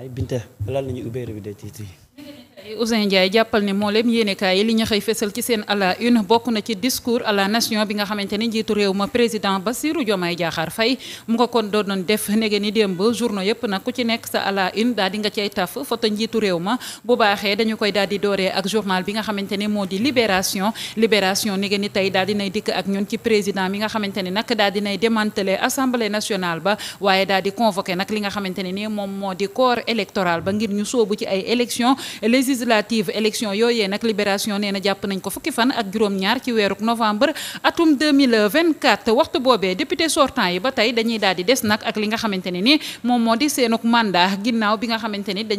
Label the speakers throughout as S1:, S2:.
S1: ay Binta lan la ñu ubbee revue de titres Ousseyn Ndiaye jàppal ne moo leem yéenekaay yi li ñu xëy fésal ci seen à la une bokk na ci discours à la nation bi nga xamante ni njiitu réew ma président Bassirou Diomaye Diakhar Faye mu ko kon doon def nege ni démb journaux yëpp nag ku ci nekk sa à une daal di nga cay taf foto njiitu réew ma bu baaxee dañu koy dal di dooree ak journal bi nga xamante ne moo di libération libération nege ni tey daal dinay dikk ak ñun ci président mi nga xamante ne nag daal dinay démanteler assemblée nationale ba waaye daal di convoqué nag li nga xamante ne ni moom moo di corps électoral ba ngir ñu soobu ci ay élections législative élection yooyee nag libération nee na jàpp nañ ko fukki fan ak juróom-ñaar ci weeruk novembre atum 2024 waxtu boobee député sortant yi ba tey dañuy daal di des nag ak li nga xamante ni moom moo di seenuk mandat ginnaaw bi nga xamante ni di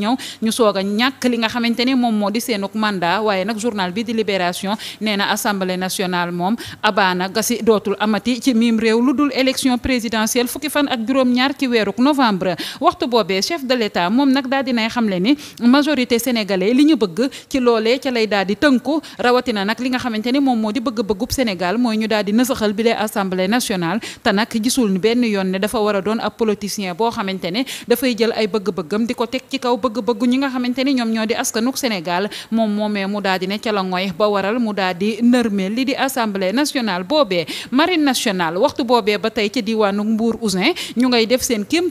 S1: ñëw ñu soog a ñàkk li nga xamante ni moom moo di seenuk mandat waaye nag journal bi di libération nee na assemblée nationale moom abaana gasi dootul amati ci miim réew lu dul élection présidentielle fukki fan ak juróom-ñaar ci weeruk novembre waxtu boobee chef de l'État moom nag daal dinay xamle ni majorité sénégalais li ñu bëgg ci loolee ca lay daal di tënku rawatina nag li nga xamante ni moom moo di bëgg-bëggub Sénégal mooy ñu daal di nasaxal bi lee assemblée nationale te nag gisul benn yoon ne dafa war a doon ab politicien boo xamante ne dafay jël ay bëgg-bëggam di ko teg ci kaw bëgg-bëggu ñi nga xamante ni ñoom ñoo di askanuk Sénégal moom moomee mu daal di ne ca la ngooy ba waral mu daal di nërmeel li di assemblée nationale boobee marine nationale waxtu boobee ba tey ca diwaanu Mbour Ousin ñu ngay def seen kéem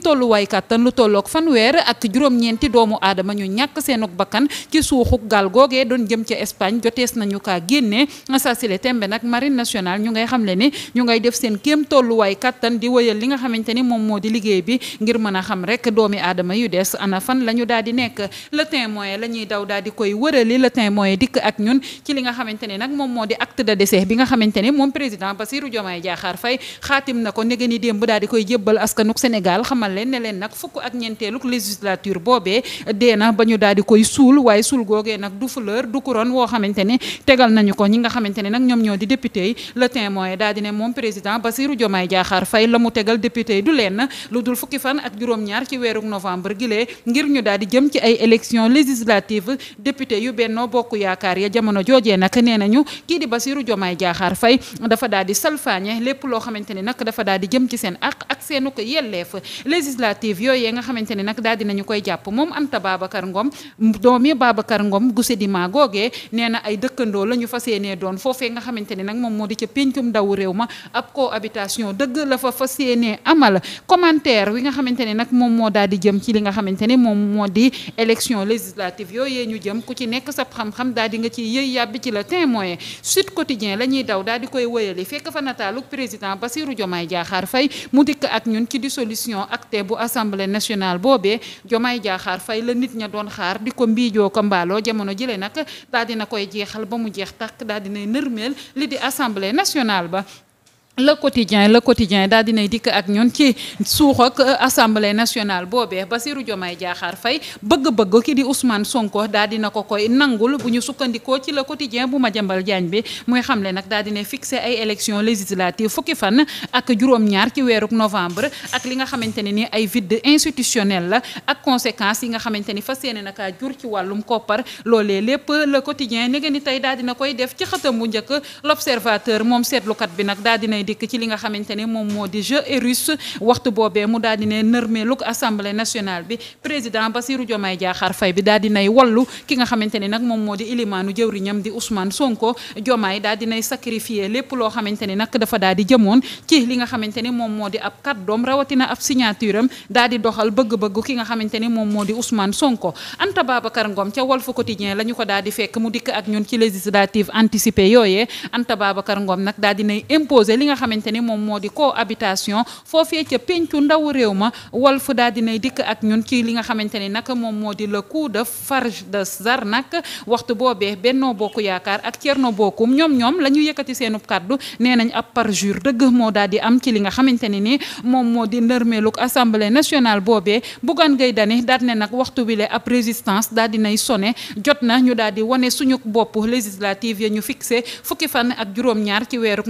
S1: ñeenti doomu aadama ñu ñàkk seenug bakkan ci suuxuk gaal googee doon jëm ca Espagne jotees nañu kaa génnee saa sile tembe nag marine nationale ñu ngay xam le ni ñu ngay def seen kéem tolluwaay kattan di wëyal li nga xamante ni moom moo di liggéey bi ngir mën a xam rek doomi aadama yu des ana fan la ñu daal di nekk le témoin la ñuy daw daal di koy wërali le témoin dikk ak ñun ci li nga xamante ni nag moom moo di acte de décès bi nga xamante ni moom président Bassirou Diomaye Diakhar Faye xaatim na ko nege ni démb daal di koy jébbal askanuk Sénégal xamal leen ne leen nag fukk ak ñeenteeluk législature boobee boobee dee na ba ñu daal koy suul waaye suul googee nag du fleur du couronne woo xamante ne tegal nañu ko ñi nga xamante ne nag ñoom ñoo di député yi le témoin daal di ne moom président Bassirou Diomaye Diakhar Faye la mu tegal di jëm ci ay élections législatives député yu bennoo bokk yaakaar ya jamono joojee nag nee nañu kii di Bassirou Diomaye Diakhar Faye dafa daal di salfaañe lépp loo xamante ne nag dafa daal di jëm ci seen ak ak seenu ko yelleef législative yooyee nga xamante ne nag daal nañu koy jàpp moom Anta Babacar Ngom doomi Babacar Ngom gu Sedima googee nee na ay dëkkandoo la ñu fas yéenee doon foofee nga xamante ni nag moom moo di ca péncum ndaw réew ma ab cohabitation dëgg la fa fas yéenee amal commentaire wi nga xamante ne nag moom moo daal di jëm ci li nga xamante ne moom moo di élection législative yooyee ñu jëm ku ci nekk sa xam-xam daal di nga ci yëy yàbbi ci la témoin Sud Quotidien la ñuy daw daal di koy wëyali fekk fa nataaluk président Bassirou Diomaye Diakhar Faye mu dikk ak ñun ci dissolution actée bu assemblée nationale boobee Diomaye Diakhar xaar fay la nit ña doon xaar di ko mbiijoo ko mbaaloo jamono jële nag daldi na koy jeexal ba mu jeex tàkk daal dinay nërmeel li di assemblée nationale ba le quotidien le quotidien daal dinay dikk ak ñun ci suux ak euh, assemblée nationale boobee Bassirou Diomaye jaaxaar fay bëgg-bëgg ki di Ousmane Sonko daal dina ko koy nangul bu ñu sukkandikoo ci le quotidien bu ma Madiambal Diagne bi muy xamle nag daal dina fixé ay élections législatives fukki fan ak juróom-ñaar ci weeruk novembre ak li nga xamante ne ni ay vide institutionnel la ak conséquences yi nga xamante ni fas yéene naka jur ci wàllum koppar loolee lépp le quotidien ni koy def ci xëtam bu njëkk dikk ci li nga xamante ne moom moo di jeu et russe waxtu boobee di ne nërmeelug assemblée nationale bi président Bassirou Diomaye Diakhar Faye moo di ilimaanu jëwriñam di Ousmane Sonko Diomaye daal di nay sacrifier lépp loo xamante ne nag dafa daal di jëmoon ci li nga xamante ne moom moo di ab kàddoom rawatina ab signature am daal di doxal bëgg-bëgg ki nga xamante ne moom moo di Ousmane Sonko Anta Babacar Ngom ca Walf Quotidien la ñu ko daal di fekk mu dikk ak ñun ci législative anticipée yooyee Anta Babacar Ngom nag daal di nay nga xamante ni moom moo di cohabitation foofee ca pencu ndaw réew ma Walf daal dinay dikk ak ñun ci li nga xamante ni nag moom moo di le coup de farge de Zarnak waxtu boobee Benno Bokk Yaakaar ak Thierno Bocoum ñoom ñoom la ñu yëkkati seenub kàddu nee nañ ab parjure dëgg moo daal am ci li nga xamante ne ni moom moo di ndërmeelug assemblée nationale boobee Bougane Gueye Dany daal ne nag waxtu wile ab résistance daal dinay sonné jot na ñu daal di wane suñu bopp législative ñu fixé fukki fan ak juróom-ñaar ci weeruk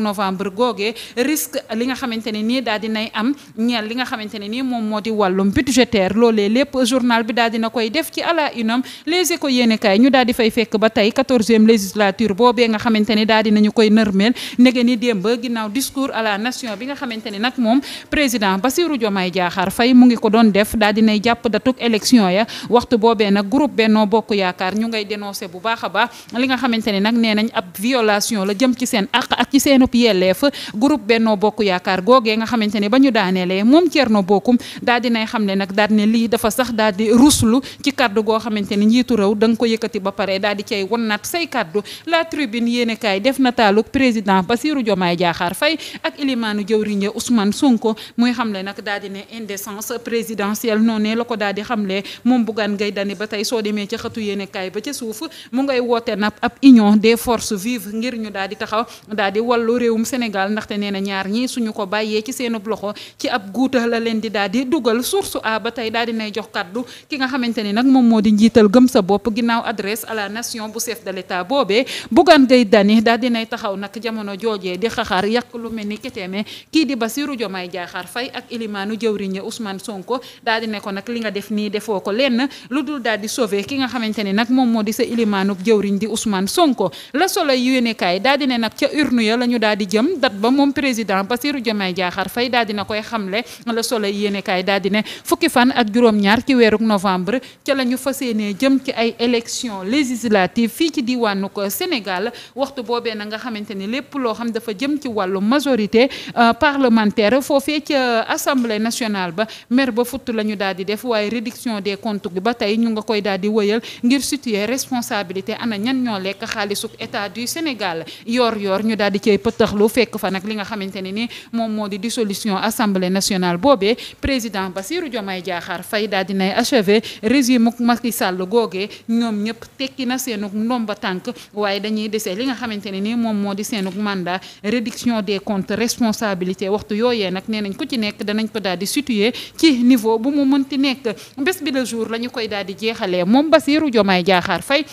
S1: jàppee risque li nga xamante ne nii daal dinay am ñeel li nga xamante ne nii moom moo di wàllum budgétaire loolee lépp journal bi daal dina koy def ci à la di fay fekk ba tey quatorzième législature boobee nga xamante ne daal dinañu koy nërmeel ndege ni démb ginnaaw discours à la bi nga xamante ne nag moom président Bassirou Diomaye Diakhar Faye mu ngi ko doon def daal dinay jàpp datuk élection ya waxtu boobee nag groupe Benno Bokk Yaakaar ñu ngay dénoncé bu baax a baax li nga xamante ne nag nee nañ la groupe Benno Bokk Yaakaar googee nga xamante ne ba ñu daaneelee moom Thierno Bocoum daal dinay xam ne nag daal di ne lii dafa sax daal di ruslu ci kaddu goo xamante ne njiitu rew da nga ko yëkkati ba pare daal di cay wonnaat say kaddu la tribune yéene kaay def na taaluk président ba Bassirou Diomaye Diakhar fay ak ilimaanu jëwriñ Ousmane Sonko muy xamle nag daal di ne indécence présidentielle noonee la ko daal di xamle moom Bougane ngay Dany ba tey soo demee ca xëtu yéene ba ca suuf mu ngay woote nag ab union des forces vives ngir ñu daal di taxaw daal di wallu réewum Sénégal ndax ndaxte nee na ñaar ñii suñu ko bàyyee ci seenub loxo ci ab guuta la leen di daal di dugal source a ba tey daal di nay jox kaddu ki nga xamante ni nag moom moo di njiital gëm sa bopp ginnaaw adresse à la nation bu chef de l'état boobee Bougane Gueye Dany daal di nay taxaw nag jamono joojee di xaxaar yàq lu mel ni keteeme kii di Bassirou Diomaye Diakhar Faye ak ilimaanu jëwriñ Ousmane Sonko daal di ne nag li nga def nii defoo ko lenn lu dul daal di sauver ki nga xamante ni nag moom moo di sa ilimaanu jëwriñ di Ousmane Sonko la solo yéene kaay daal di ne nag ca urne ya la ñu daal di jëm dat ba moom président Bassirou Diomaye Diakhar Faye daal dina koy xamle Le Soleil yéenekaay daal di ne fukki fan ak juróom-ñaar ci weeruk novembre ca la ñu fas yéenee jëm ci ay élections législatives fii ci diwaanu ko Sénégal waxtu boobee na nga xamante ni lépp loo xam dafa jëm ci wàllu majorité euh, parlementaire foofee ca assemblée nationale ba mer ba futt la ñu daal di def waaye réduction des comptes bi ba tey ñu nga koy daal di wëyal ngir situer responsabilité ana ñan ñoo lekk xaalisuk état Sénégal li nga xamante ne ni moom moo di dissolution assemblée nationale boobee président Bassirou Diomaye Diakhar Faye daal dinay achevé ma Macky Sall googee ñoom ñëpp tekki na seenu ndomba tànk waaye dañuy desee li nga xamante ne ni moom moo di seenu mandat réduction des comptes responsabilité waxtu yooyee nag nee nañ ko ci nekk danañ ko daal di situer ci niveau bu mu mënti nekk bés bi le jour la ñu koy daal di jeexalee moom Bassirou Diomaye Diakhar fay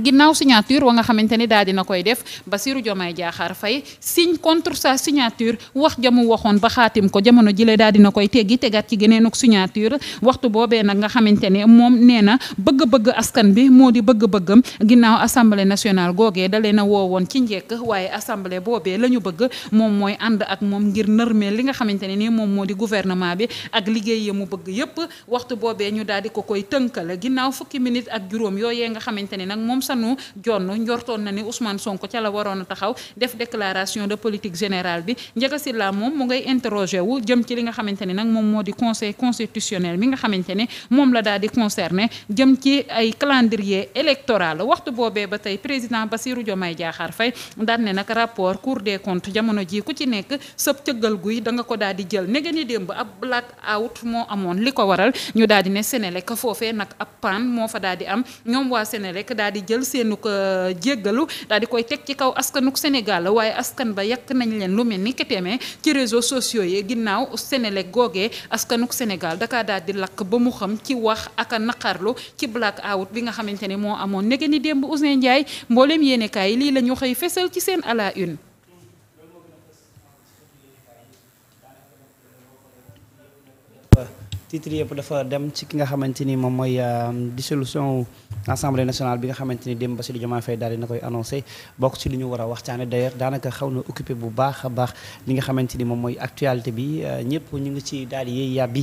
S1: ginnaaw signature wa nga xamante ni daal dina koy def Bassirou Diomaye Diakhar Faye signe contre sa signature wax jamu waxoon ba xaatim ko jamono jile daal dina koy teggi tegaat ci geneenuk signature waxtu boobee nag nga xamante ne moom nee na bëgg-bëgg askan bi moo di bëgg-bëggam ginnaaw assemblée nationale googee da na a woowoon ci njekk waaye assemblée boobee la ñu bëgg moom mooy ànd ak moom ngir nërmeel li nga xamante ne ni moom moo di gouvernement bi ak liggéey ya mu bëgg yëpp waxtu boobee ñu daal di ko koy tënkale ginnaaw fukki minutes ak juróom yooyee nga xamante ne sanu jonn njortoon na ni Ousmane Sonko ca la waroon a taxaw def déclaration de politique générale bi Ndiaga Sylla moom mu ngay interroger wu jëm ci li nga xamante nag moom moo di conseil constitutionnel mi nga xamante moom la daal di concerné jëm ci ay calendrier électoral waxtu boobee ba tey président Bassirou Diomaye Diakhar Faye daan ne nag rapport Cour des comptes jamono ji ku ci nekk sëb cëggal guy da nga ko daal di jël nege ni démb ab black out moo li ko waral ñu daal di ne Sénélec foofee nag ab paan moo fa jël seenu ko euh, jéggalu daal koy teg ci kaw askanuk Sénégal waaye askan ba yàq nañ leen lu mel ni keteeme ci réseau sociaux yi ginnaaw Sénélec googee askanuk Sénégal daka daal di lakk ba mu xam ci wax ak a naqarlu ci black out bi nga xamante ne moo amoon nege ni démb Ousseyn Ndiaye mbooleem yéenekaay yi lii la ñu xëy fesal ci seen à une titre yëpp dafa dem ci ki nga xamante ni moom mooy euh, dissolution assemblée nationale bi nga xamante ni démb Bassirou Diomaye Faye daal dina koy annoncé bokk ci lu ñu war a waxtaane d'ailleurs daanaka xaw na occupé bu baax a baax li nga xamante ni moom mooy actualité bi euh, ñëpp ñu ngi ci daal di yàbbi